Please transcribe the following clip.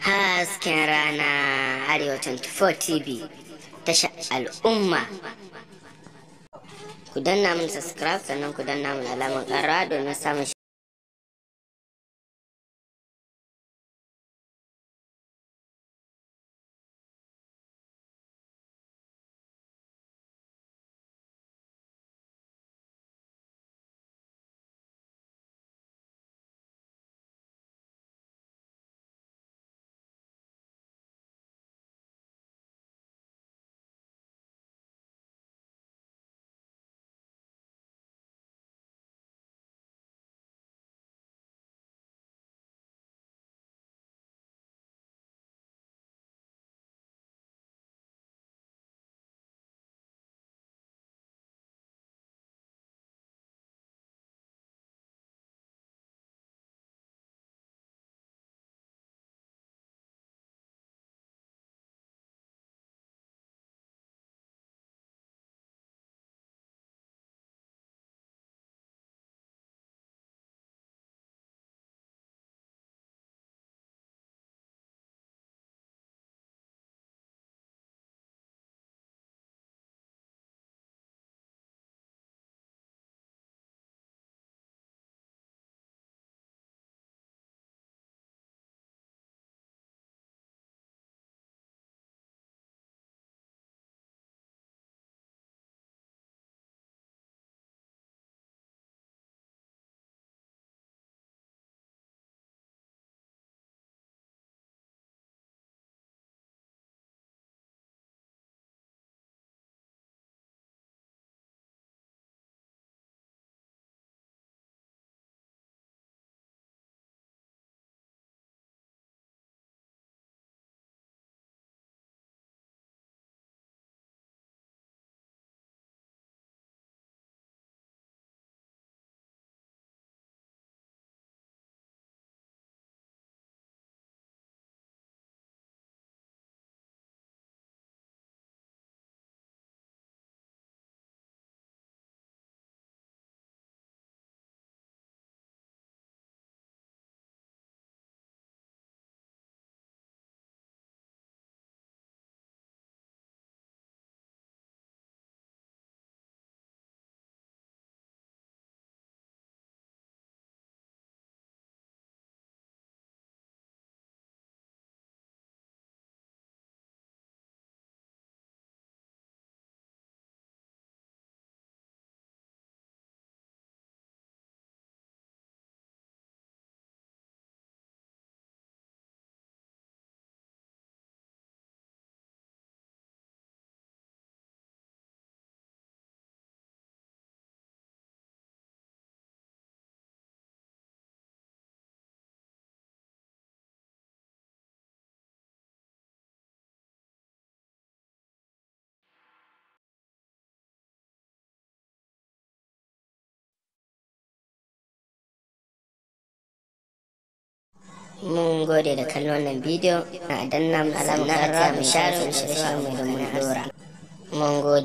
hasken rana arewa 24 tv tasha al'umma ku danna mun subscribe sannan ku danna mun alamar kara domin samun mun gode da kallon wannan bidiyo na danna mu sannan a mu share mu shirye-shiryen mu da mun dora mun gode